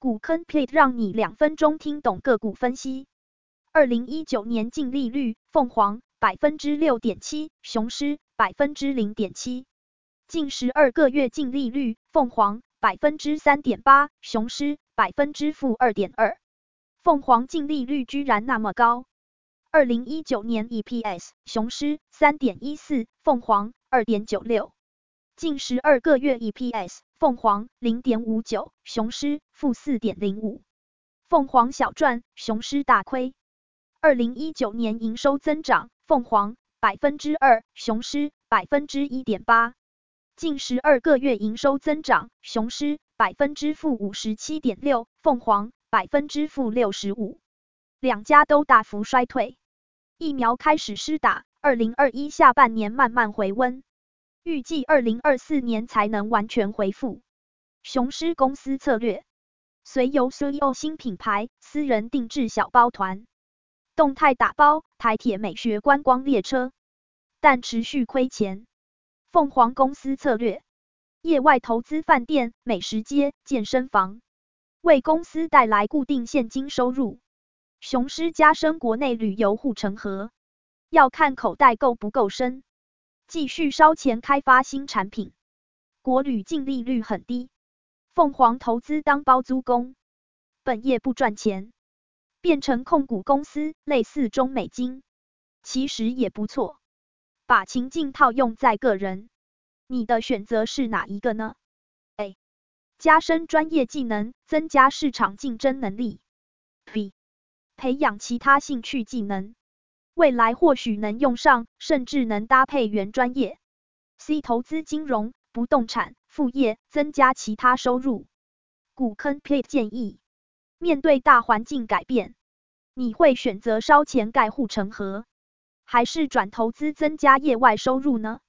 股坑 plate 讓你兩分鐘聽懂個股分析。二零一九年淨利率，鳳凰百分之六點七，雄獅百分之零點七。近十二個月淨利率，鳳凰百分之三點八，雄獅百分之負二點二。鳳凰淨利率居然那麼高。二零一九年 EPS，雄獅三點一四，鳳凰二點九六。近十二個月 EPS，鳳凰零點五九，雄獅負四點零五，鳳凰小賺，雄獅大虧。二零一九年營收增長，鳳凰百分之二，雄獅百分之一點八。近十二個月營收增長，雄獅百分之負五十七點六，鳳凰百分之負六十五，兩家都大幅衰退。疫苗開始施打，二零二一下半年慢慢回溫。預計二零二四年才能完全恢復。雄獅公司策略：隨遊 CEO 新品牌、私人定制小包團、動態打包台鐵美學觀光列車，但持續虧錢。鳳凰公司策略：業外投資飯店、美食街、健身房，為公司帶來固定現金收入。雄獅加深國內旅遊護城河，要看口袋夠不夠深。繼續燒錢開發新產品，國旅淨利率很低，鳳凰投資當包租公，本業不賺錢，變成控股公司，類似中美金，其實也不錯。把情境套用在個人，你的選擇是哪一個呢？A. 加深專業技能，增加市場競爭能力。B. 培養其他興趣技能。未來或許能用上，甚至能搭配原專業，C 投資金融、不動產、副業，增加其他收入。古坑 plate 建議，面對大環境改變，你會選擇燒錢蓋護城河，還是轉投資增加業外收入呢？